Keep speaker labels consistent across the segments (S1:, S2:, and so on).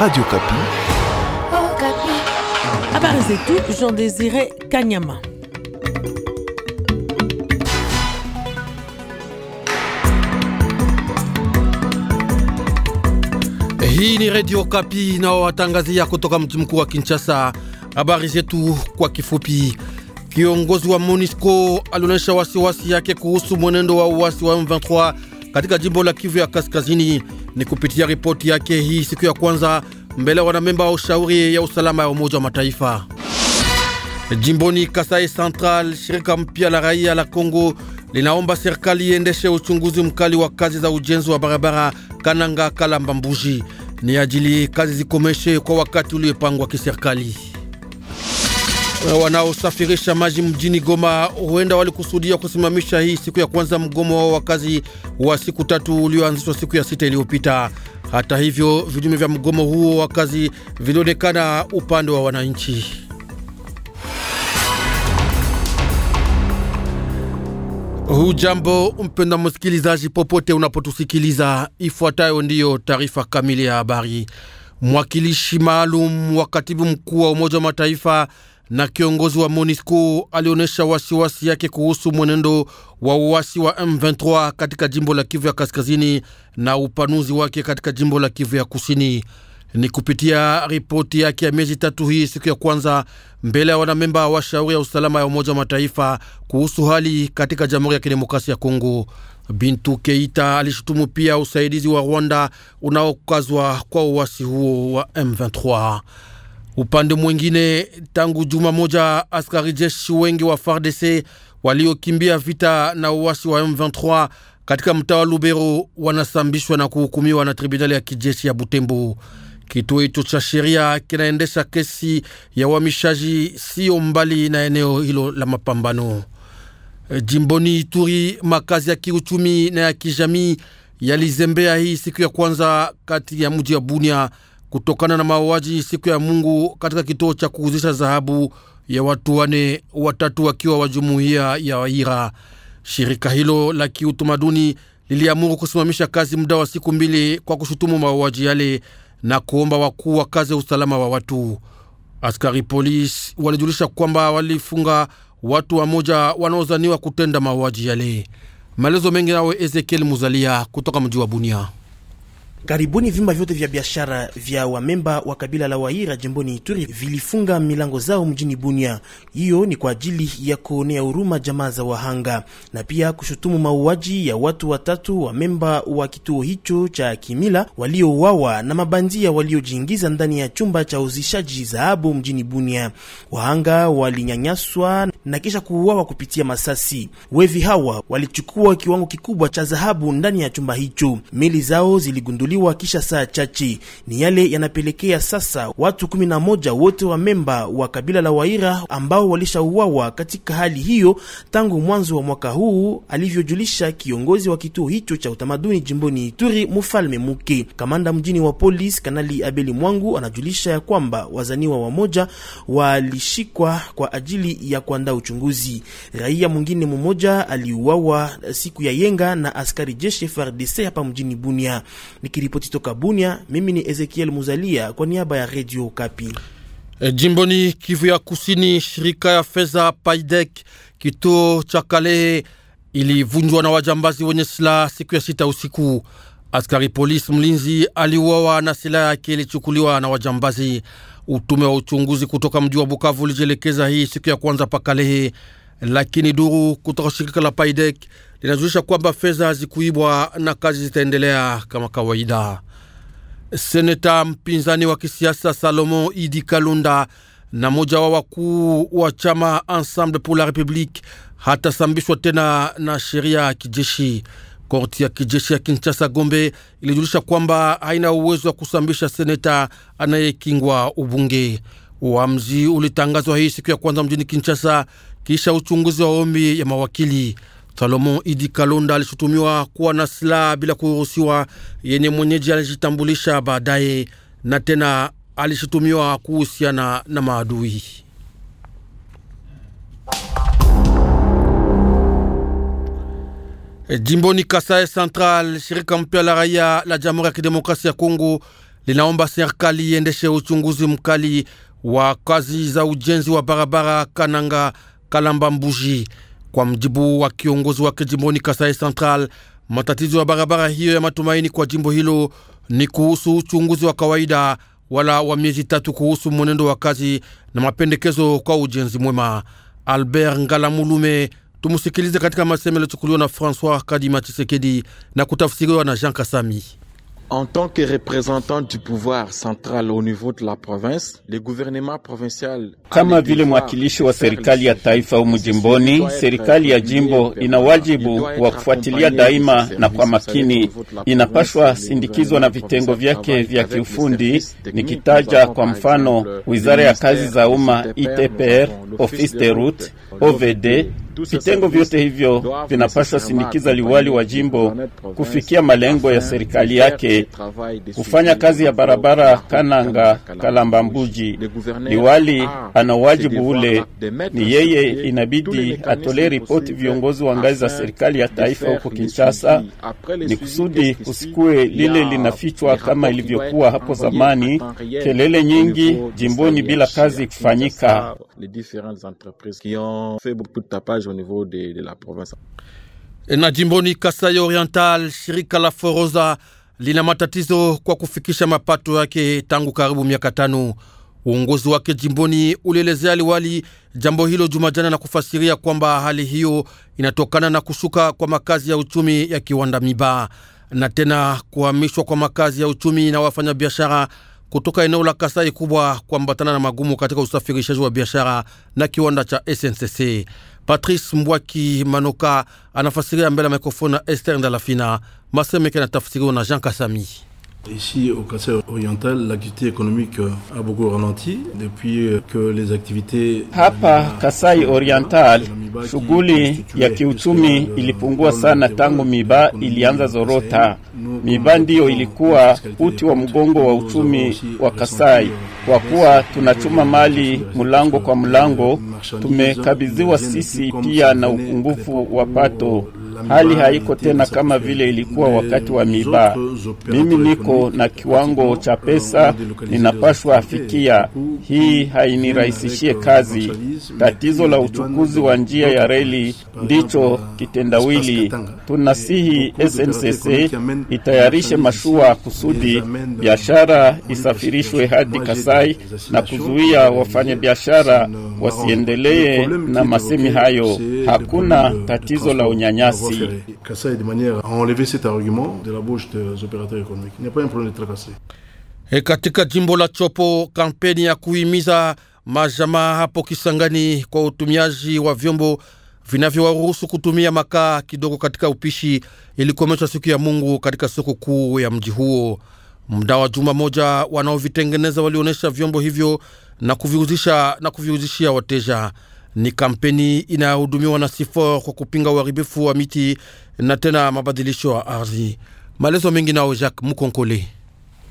S1: Radio Kapi.
S2: Oh, Kapi. Habari tout,
S3: j'en désirais Kanyama.
S4: Hii ni Radio Kapi inayowatangazia kutoka mji mkuu wa Kinshasa. Habari zetu kwa kifupi. Kiongozi wa MONUSCO alionyesha wasiwasi yake kuhusu mwenendo wa uasi wa M23 katika jimbo la Kivu ya Kaskazini ni kupitia ripoti yake hii siku ya kwanza mbele wanamemba wa ushauri ya usalama ya Umoja wa Mataifa. Jimboni Kasai Central, shirika mpya la raia la Kongo linaomba serikali iendeshe uchunguzi mkali wa kazi za ujenzi wa barabara Kananga Kalamba Mbuji, ni ajili kazi zikomeshe kwa wakati uliopangwa kiserikali wanaosafirisha maji mjini Goma huenda walikusudia kusimamisha hii siku ya kwanza mgomo wao wa kazi wa siku tatu ulioanzishwa siku ya sita iliyopita. Hata hivyo, vinyume vya mgomo huo wa kazi vilionekana upande wa wananchi. Hujambo mpenda msikilizaji, popote unapotusikiliza, ifuatayo ndiyo taarifa kamili ya habari. Mwakilishi maalum wa katibu mkuu wa Umoja wa Mataifa na kiongozi wa MONUSCO alionyesha wasiwasi yake kuhusu mwenendo wa uasi wa M23 katika jimbo la Kivu ya kaskazini na upanuzi wake katika jimbo la Kivu ya kusini. Ni kupitia ripoti yake ya miezi tatu hii siku ya kwanza mbele ya wanamemba wa shauri ya usalama ya Umoja wa Mataifa kuhusu hali katika Jamhuri ya Kidemokrasia ya Kongo. Bintu Keita alishutumu pia usaidizi wa Rwanda unaokazwa kwa uasi huo wa M23. Upande mwingine, tangu juma moja askari jeshi wengi wa FARDC waliokimbia vita na uwasi wa M23 katika mtaa wa Lubero wanasambishwa na kuhukumiwa na tribunali ya kijeshi ya Butembo. Kituo hicho cha sheria kinaendesha kesi ya uhamishaji siyo mbali na eneo hilo la mapambano. Jimboni Ituri, makazi ya kiuchumi na ya kijamii yalizembea hii siku ya kwanza kati ya mji wa Bunia kutokana na mauaji siku ya Mungu katika kituo cha kuuzisha dhahabu ya watu wane, watatu wakiwa wa jumuiya ya Waira. Shirika hilo la kiutamaduni liliamuru kusimamisha kazi muda wa siku mbili kwa kushutumu mauaji yale na kuomba wakuu wa kazi ya usalama wa watu. Askari polisi walijulisha kwamba walifunga watu wamoja wanaozaniwa kutenda mauaji yale. Maelezo mengi nawe Ezekiel Muzalia kutoka mji wa Bunia.
S3: Karibuni vyumba vyote vya biashara vya wamemba wa kabila la Waira jimboni Ituri vilifunga milango zao mjini Bunia. Hiyo ni kwa ajili ya kuonea huruma jamaa za wahanga na pia kushutumu mauaji ya watu watatu wamemba wa kituo hicho cha kimila waliouawa na mabandia waliojiingiza ndani ya chumba cha uzishaji dhahabu mjini Bunia. Wahanga walinyanyaswa na kisha kuuawa kupitia masasi. Wevi hawa walichukua kiwango kikubwa cha dhahabu ndani ya chumba hicho. Meli zao ziligundulika kuchaguliwa kisha saa chache. Ni yale yanapelekea sasa watu kumi na moja wote wa memba wa kabila la Waira ambao walishauawa katika hali hiyo tangu mwanzo wa mwaka huu, alivyojulisha kiongozi wa kituo hicho cha utamaduni jimboni Ituri, Mufalme Muke. Kamanda mjini wa polisi Kanali Abeli Mwangu anajulisha ya kwamba wazaniwa wamoja walishikwa kwa ajili ya kuandaa uchunguzi. Raia mwingine mmoja aliuawa siku ya yenga na askari jeshi FARDC hapa mjini Bunia Niki Nikiripoti toka Bunia, mimi ni Ezekiel Muzalia kwa niaba ya Redio Kapi. E, jimboni Kivu ya Kusini,
S4: shirika ya fedha Paidek kituo cha Kalehe ilivunjwa na wajambazi wenye silaha siku ya sita usiku. Askari polisi mlinzi aliuawa na silaha yake ilichukuliwa na wajambazi. Utume wa uchunguzi kutoka mji wa Bukavu ulijielekeza hii siku ya kwanza pa Kalehe lakini duru kutoka shirika la Paidek linajulisha kwamba fedha zikuibwa na kazi zitaendelea kama kawaida. Seneta mpinzani wa kisiasa Salomo Idi Kalunda na mmoja wa wakuu wa chama Ensemble pour la Republique hatasambishwa tena na sheria ya kijeshi. Korti ya kijeshi ya Kinshasa Gombe ilijulisha kwamba haina uwezo wa kusambisha seneta anayekingwa ubunge. Uamzi ulitangazwa hii siku ya kwanza mjini Kinshasa kisha uchunguzi wa ombi ya mawakili. Salomon Idi Kalonda alishutumiwa kuwa na silaha bila kuruhusiwa, yenye mwenyeji alijitambulisha baadaye, na tena alishutumiwa kuhusiana na maadui. Jimboni Kasai Central, shirika mpya la raia la Jamhuri ya Kidemokrasia ya Kongo linaomba serikali iendeshe uchunguzi mkali wa kazi za ujenzi wa barabara Kananga Kalamba Mbuji. Kwa mjibu wa kiongozi wake jimboni Kasai Central, matatizo ya barabara hiyo ya matumaini kwa jimbo hilo ni kuhusu uchunguzi wa kawaida wala wa miezi tatu kuhusu mwenendo wa kazi na mapendekezo kwa ujenzi mwema. Albert Ngalamulume, tumusikilize katika masemo yaliyochukuliwa na François Kadima Chisekedi na kutafsiriwa na Jean Kasami.
S5: En tant que représentant du pouvoir central au niveau de la province, le gouvernement provincial kama vile mwakilishi wa serikali ya taifa
S6: humu jimboni, serikali ya jimbo ina wajibu wa kufuatilia daima na kwa makini. Inapashwa sindikizwa na vitengo vyake vya kiufundi, nikitaja kwa mfano wizara ya kazi za umma ITPR, office de route, OVD Vitengo vyote hivyo vinapaswa sindikiza liwali wa jimbo kufikia malengo ya serikali yake, kufanya kazi ya barabara Kananga Mbuji. Liwali ana wajibu ule, ni yeye inabidi atolee ripoti viongozi wa ngazi za serikali ya taifa huko Kinshasa, ni kusudi kusikue lile linafichwa kama ilivyokuwa hapo zamani, kelele nyingi jimboni bila kazi kufanyika au niveau de, de la province.
S4: Na jimboni Kasai Oriental, shirika la Foroza lina matatizo kwa kufikisha mapato yake tangu karibu miaka tano. Uongozi wake jimboni ulielezea liwali jambo hilo Jumajana na kufasiria kwamba hali hiyo inatokana na kushuka kwa makazi ya uchumi ya kiwanda miba na tena kuhamishwa kwa makazi ya uchumi na wafanyabiashara kutoka eneo la Kasai kubwa kuambatana na magumu katika usafirishaji wa biashara na kiwanda cha SNCC. Patrice Mbwaki Manoka anafasiria mbele ya mikrofoni na Esther Ndalafina. Masemeke na tafsiriwa na Jean Kasami.
S1: Ici, au Kassai
S6: Oriental, l'activité économique euh, a beaucoup ralenti depuis euh, que les activités... Hapa Kasai Oriental, shughuli ya kiuchumi euh, ilipungua sana tangu miba ilianza zorota. Miba ndiyo ilikuwa uti wa mgongo wa uchumi wa Kasai, kwa kuwa tunachuma mali mlango kwa mlango. Tumekabidhiwa sisi pia na upungufu wa pato Hali haiko tena kama vile ilikuwa wakati wa miba. Mimi niko na kiwango cha pesa ninapashwa afikia, eh, hii hainirahisishie kazi. Tatizo la uchukuzi wa njia ya reli ndicho kitendawili. Eh, Tunasihi SNCC itayarishe mashua kusudi biashara isafirishwe hadi Kasai na kuzuia wafanyabiashara uh, wasiendelee na masemi hayo. Hakuna tatizo la unyanyasi. Ferré.
S3: Kassai, de manière à enlever cet argument de la bouche des opérateurs économiques. Il n'y a pas un problème de tracasser.
S4: Et katika jimbo la Chopo, kampeni ya kuhimiza majama hapo Kisangani kwa utumiaji wa vyombo vinavyowaruhusu kutumia makaa kidogo katika upishi ilikomeshwa siku ya Mungu katika soko kuu ya mji huo. Muda wa juma moja, wanaovitengeneza walionyesha vyombo hivyo na kuviuzisha na kuviuzishia wateja ni kampeni inayohudumiwa na Sifor kwa kupinga uharibifu wa miti na tena mabadilisho ya ardhi. Maelezo mengi nao Jacques Mukonkole.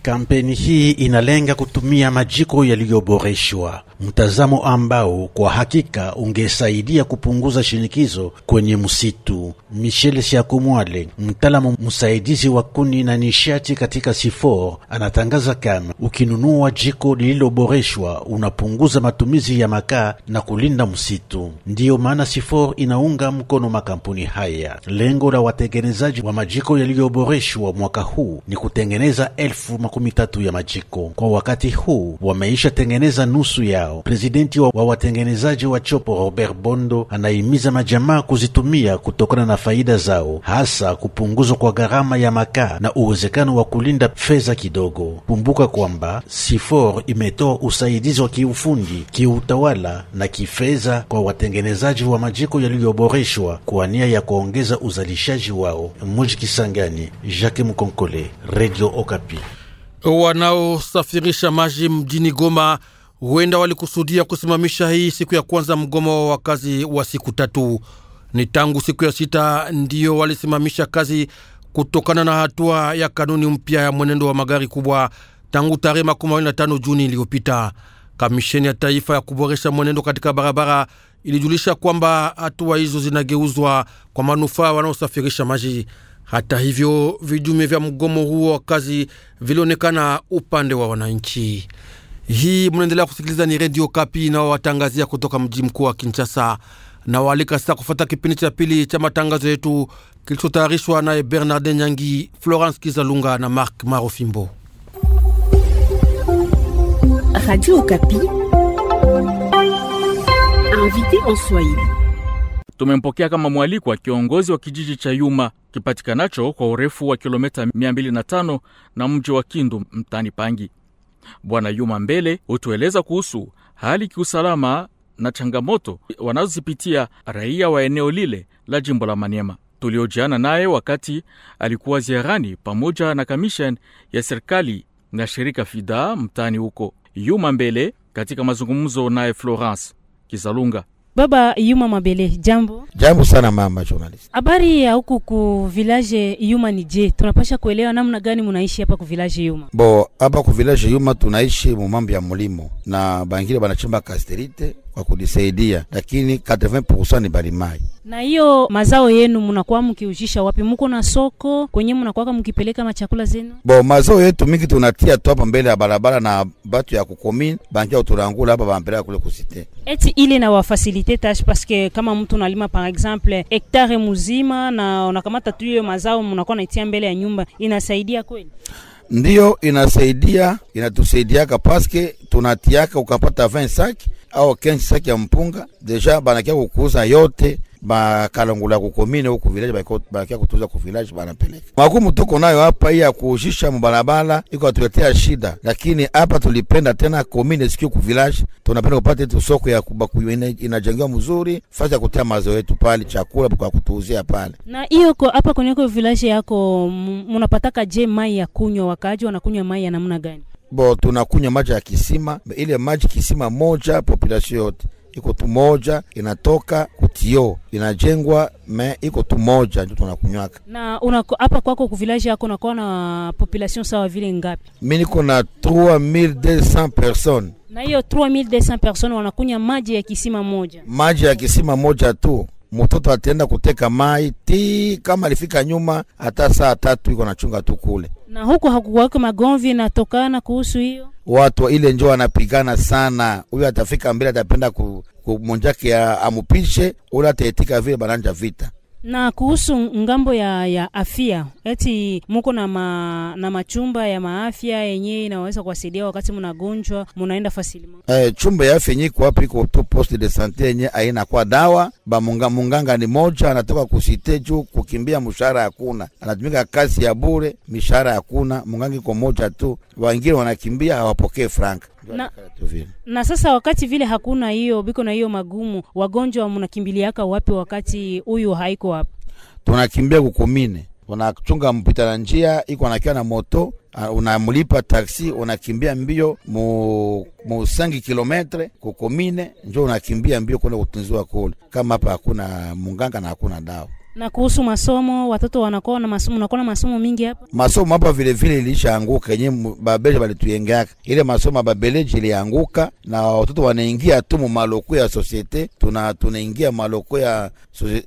S4: Kampeni
S1: hii inalenga kutumia majiko yaliyoboreshwa, mtazamo ambao kwa hakika ungesaidia kupunguza shinikizo kwenye msitu. Michel Siakumwale, mtaalamu msaidizi wa kuni na nishati katika SIFOR, anatangaza kama ukinunua jiko lililoboreshwa unapunguza matumizi ya makaa na kulinda msitu. Ndiyo maana SIFOR inaunga mkono makampuni haya. Lengo la watengenezaji wa majiko yaliyoboreshwa mwaka huu ni kutengeneza elfu makumi tatu ya majiko kwa wakati huu wameisha tengeneza nusu yao. Presidenti wa watengenezaji wa chopo Robert Bondo anahimiza majamaa kuzitumia kutokana na faida zao, hasa kupunguzwa kwa gharama ya makaa na uwezekano wa kulinda fedha kidogo. Kumbuka kwamba Sifor imetoa usaidizi wa kiufundi, kiutawala na kifedha kwa watengenezaji wa majiko yaliyoboreshwa kwa nia ya kuongeza uzalishaji wao. Muji Kisangani, Jacques Mkonkole, Radio Okapi
S4: wanaosafirisha maji mjini Goma huenda walikusudia kusimamisha hii siku ya kwanza mgomo wa kazi wa siku tatu. Ni tangu siku ya sita ndiyo walisimamisha kazi kutokana na hatua ya kanuni mpya ya mwenendo wa magari kubwa tangu tarehe makumi mawili na tano Juni iliyopita. Kamisheni ya taifa ya kuboresha mwenendo katika barabara ilijulisha kwamba hatua hizo zinageuzwa kwa manufaa wanaosafirisha maji. Hata hivyo, vijume vya mgomo huo wa kazi vilionekana upande wa wananchi. Hii mnaendelea kusikiliza, ni Redio Kapi nao watangazia kutoka mji mkuu wa Kinshasa na waalika sasa kufuata kipindi cha pili cha matangazo yetu kilichotayarishwa naye Bernard Nyangi, Florence Kizalunga na Mark Marofimbo.
S7: Radio Kapi invité en Swahili
S5: Tumempokea kama mwalikwa kiongozi wa kijiji cha Yuma kipatikanacho kwa urefu wa kilomita 205 na mji wa Kindu mtani Pangi. Bwana Yuma Mbele hutueleza kuhusu hali kiusalama na changamoto wanazozipitia raia wa eneo lile la jimbo la Maniema. Tuliojiana naye wakati alikuwa ziarani pamoja na kamisheni ya serikali na shirika Fida mtaani huko Yuma Mbele, katika mazungumzo naye Florence Kizalunga.
S7: Baba Yuma Mabele, jambo.
S5: Jambo
S8: sana mama journalist.
S7: Habari ya huku ku village Yuma ni je? Tunapasha kuelewa namna gani munaishi hapa ku village Yuma?
S8: Bo, hapa ku village Yuma tunaishi mumambo ya mulimo na bangile banachimba kasterite wa kudisaidia, lakini 80% ni balimai.
S7: Na hiyo mazao yenu mnakuwa mkiujisha wapi? Muko na soko kwenye munakuwa mkipeleka machakula zenu?
S8: Bo, mazao yetu mingi tunatia tu hapa mbele ya barabara na batu ya kukomini banki bankia uturangula hapa bampeleka kule kusite.
S7: Eti ile na wafasilite tash paske kama mtu nalima par exemple hektare muzima na unakamata tu hiyo mazao mnakuwa naitia mbele ya nyumba, inasaidia kweli?
S8: Ndiyo, inasaidia inatusaidiaka, paske tunatiaka ukapata 20 saki au kenchi saki ya mpunga deja banakia kukuza yote bakalangula kukomine huku village banakia kutuza ku village banapeleka magumu tuko nayo hapa. Hii ya kuushisha mbarabara iko atuletea shida, lakini hapa tulipenda tena komine sikio ku village, tunapenda kupata tu soko ya kubaku inajengewa mzuri, fasi ya kutia mazao yetu pale, chakula kwa kutuuzia pale.
S7: Na hiyo kwa hapa kwenye village yako mnapataka je mai ya kunywa, wakaaji wanakunywa mai ya namna gani?
S8: bo tunakunywa maji ya kisima, ile maji kisima moja, population yote iko tu moja, inatoka kutio inajengwa, me iko tu moja ndio tunakunywaka.
S7: Na una hapa kwako ku village yako unakuwa na population sawa vile ngapi?
S8: Mimi niko na 3200 personnes
S7: na hiyo 3200 personnes wanakunya maji ya kisima moja,
S8: maji ya kisima moja tu. Mtoto ataenda kuteka mai ti kama alifika nyuma hata saa tatu iko nachunga tu kule
S7: na huko hakukuwako magomvi inatokana kuhusu hiyo
S8: watu ile njo wanapigana sana. Huyu atafika mbele atapenda kumonjake amupishe, ule ataetika vile bananja vita
S7: na kuhusu ngambo ya, ya afya eti muko na, ma, na machumba ya maafya yenye inaweza kuwasaidia wakati mnagonjwa munaenda fasilima.
S8: Eh, chumba ya afya yenyewe kwa hapo iko tu poste de sante yenye aina kwa dawa ba munga, munganga ni moja anatoka kusite juu kukimbia, mshahara hakuna, anatumika kazi ya bure, mishahara hakuna, munganga iko moja tu, wengine wanakimbia hawapokee franka na,
S7: na sasa wakati vile hakuna hiyo biko na hiyo magumu, wagonjwa mnakimbiliaka wapi wakati huyu haiko hapa?
S8: Tunakimbia kukumine, unachunga mpita na njia iko anakiwa na moto unamlipa taksi unakimbia mbio mu, mu kilometre kukomine, njo unakimbia mbio kwenda kutunziwa kule. Kama hapa hakuna munganga na hakuna dawa
S7: na kuhusu masomo, watoto wanakuwa na masomo, unakuwa na masomo mingi hapa.
S8: Masomo hapa vile vile ilishaanguka yenye babeleji balituyengeaka ile masomo, ya babeleji ilianguka na watoto wanaingia tu maloko ya societe, tuna tunaingia maloko ya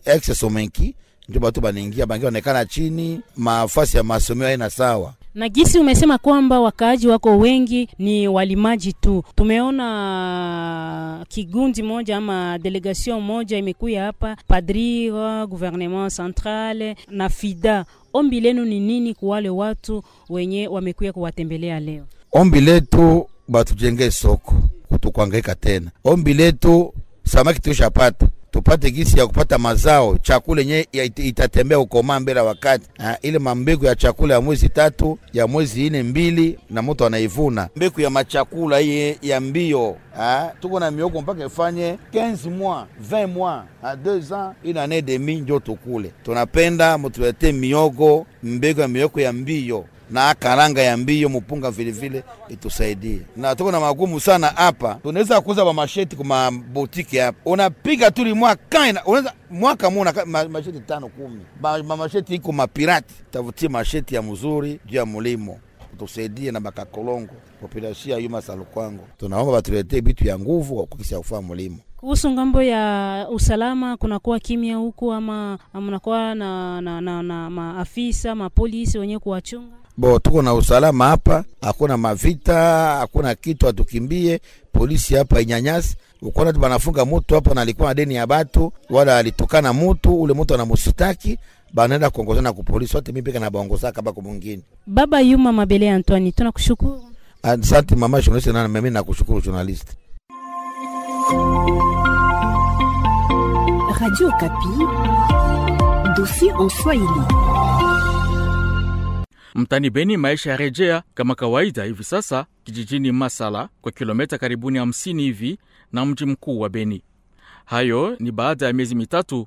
S8: ex somenki, ndio batu banaingia bangi wanaonekana chini, mafasi ya masomo haina sawa
S7: na gisi umesema kwamba wakaaji wako wengi ni walimaji tu, tumeona kigundi moja ama delegation moja imekuya hapa, Padriro, gouvernement central na FIDA. Ombi lenu ni nini kwa wale watu wenye wamekuya kuwatembelea leo?
S8: Ombi letu batujenge soko kutukwangaika tena. Ombi letu samaki tushapata tupate gisi ya kupata mazao chakula yenye itatembea ukoma mbele wakati ha, ile mambegu ya chakula ya mwezi tatu ya mwezi ine mbili na mtu anaivuna mbegu ya machakula iye ya mbio ha, tuko na mioko mpaka ifanye 15 mois 20 mois a 2 ans une année demi njo tukule. Tunapenda mutulete miogo mbegu ya mioko ya mbio na karanga ya mbio mpunga vile vile itusaidie, na tuko na magumu sana hapa. Tunaweza kuuza masheti kwa boutique hapa, unapiga tu limwa kaina, unaweza mwaka mmoja ma, masheti tano kumi masheti iko mapirati. Tavutie masheti ya mzuri juu ya mlimo tusaidie na bakakolongo populasia yuma salu kwangu, tunaomba batuletee bitu ya nguvu kukisha kufaa mlimo
S7: Kuhusu ngambo ya usalama, kunakuwa kimya huku ama mnakuwa na, na, na, na maafisa mapolisi wenye kuwachunga?
S8: bo tuko na usalama hapa, hakuna mavita, hakuna kitu, atukimbie polisi hapa inyanyasi. ukona tu banafunga mutu hapa, na alikuwa na deni ya batu, wala alitukana mutu, ule mutu anamushtaki banaenda kuongozana ku polisi wote, mimi peke na baongozaka bako mwingine.
S7: Baba Yuma Mabele Antoine, tunakushukuru.
S8: Asante mama journaliste, na mimi nakushukuru journalist
S7: Radio Kapi, dossier en Swahili.
S5: Mtani Beni maisha ya rejea kama kawaida hivi sasa kijijini Masala kwa kilometa karibuni 50 hivi na mji mkuu wa Beni. Hayo ni baada ya miezi mitatu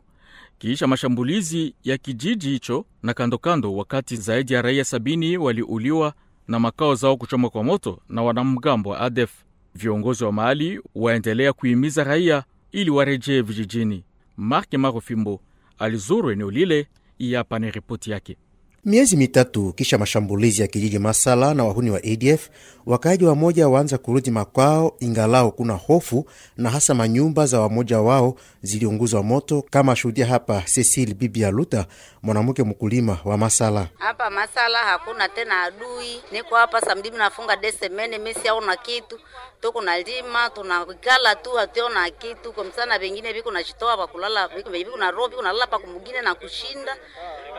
S5: kiisha mashambulizi ya kijiji hicho na kandokando kando, wakati zaidi ya raia sabini waliuliwa na makao zao kuchoma kwa moto na wanamgambo wa ADF. Viongozi wa mahali waendelea kuhimiza raia ili warejee vijijini. Mark Marofimbo alizuru eneo lile, iyapa ni ripoti yake.
S2: Miezi mitatu kisha mashambulizi ya kijiji Masala na wahuni wa ADF, wakaaji wamoja waanza kurudi makwao, ingalao kuna hofu na hasa manyumba za wamoja wao ziliunguzwa moto, kama shuhudia hapa Cecil bibi ya Luta, mwanamke mkulima wa Masala.
S7: Hapa Masala hakuna tena adui, niko hapa samdimu, nafunga desemene mesi mesiaona kitu tuko na lima tunakala tu hatuona kitu kwa msana, vengine viko na chitoa pa kulala, viko na robi kunalala pa kumugine na kushinda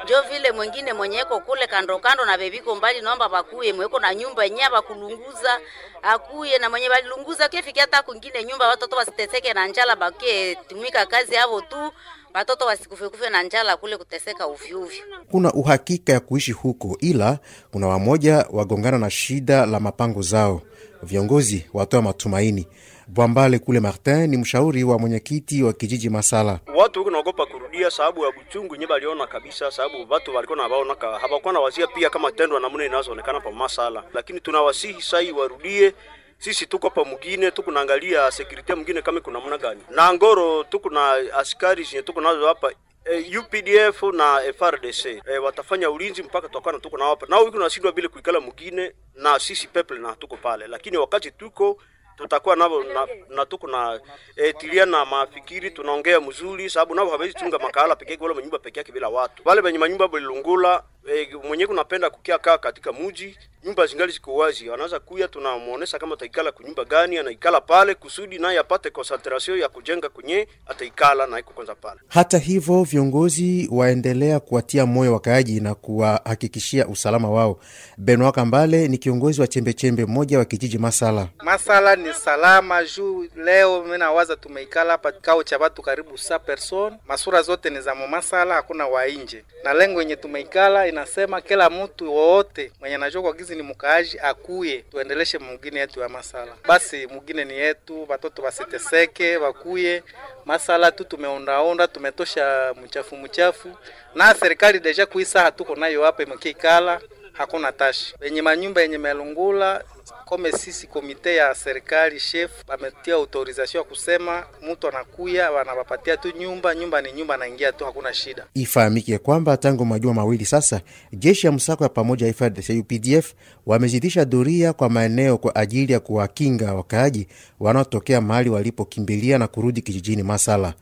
S7: jo vile mwingine mwenye benyeko kule kando kando na bebiko mbali naomba bakuye mweko na nyumba yenye bakulunguza akuye na mwenye balilunguza kefiki hata kwingine nyumba watoto wasiteseke na njala bakie tumika kazi yavo tu watoto wasikufekufe na njala kule kuteseka uvyuvyu.
S2: Kuna uhakika ya kuishi huko, ila kuna wamoja wagongana na shida la mapango zao. Viongozi watoa matumaini Bwambale kule Martin ni mshauri wa mwenyekiti wa kijiji Masala.
S3: Watu huko naogopa kurudia sababu ya buchungu nye baliona kabisa, sababu watu walikuwa nabaona hawakuwa na wazia pia kama tendo namna inazoonekana pa Masala, lakini tunawasihi sai warudie sisi tuko pa mugine naangalia security mugine kama kuna namna gani, na ngoro tuko na askari zenye tuko nazo hapa e, eh, UPDF na FRDC e, eh, watafanya ulinzi mpaka tutakuwa na tuko na hapa nao, wiki unashindwa bila kuikala mugine, na sisi people na tuko pale, lakini wakati tuko tutakuwa navo na, na tuko na etilia eh, na mafikiri tunaongea mzuri, sababu navo hawezi chunga makahala peke yake wala manyumba peke yake bila watu wale wenye manyumba bulungula e, eh, mwenye kunapenda kukia kaa katika muji nyumba zingali ziko wazi, anaweza kuya, tunamuonesha kama ataikala kunyumba gani, anaikala pale kusudi naye apate concentration ya kujenga kwenye ataikala na iko kwanza pale.
S2: Hata hivyo, viongozi waendelea kuwatia moyo wakaaji na kuwahakikishia usalama wao. Benoit Kambale ni kiongozi wa chembechembe mmoja wa kijiji Masala. Masala ni salama juu leo minawaza tumeikala hapa kao cha watu karibu sa person, masura zote ni za Masala, hakuna wainje na lengo yenye tumeikala inasema kila mtu wowote mwenye anajua kwa gizi ni mukaaji akuye tuendeleshe mwingine yetu ya masala, basi mwingine ni yetu, watoto wasiteseke, wakuye masala tu. Tumeondaonda, tumetosha mchafu mchafu, na serikali deja kuisa hatuko nayo hapa, imekikala hakuna tashi yenye manyumba yenye melungula kome sisi komite ya serikali chef ametia autorisation ya kusema mtu anakuya wanawapatia tu nyumba, nyumba ni nyumba, anaingia tu, hakuna shida. Ifahamike kwamba tangu majuma mawili sasa jeshi ya msako ya pamoja FARDC UPDF wamezidisha doria kwa maeneo kwa ajili ya kuwakinga wakaaji wanaotokea mahali walipokimbilia na kurudi kijijini Masala.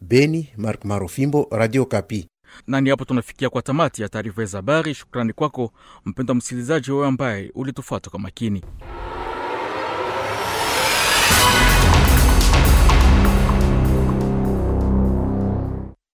S2: Beni, Mark Marofimbo, Radio Kapi
S5: na ni hapo tunafikia kwa tamati ya taarifa za habari. Shukrani kwako mpendo msikilizaji wewe ambaye ulitufuata kwa makini.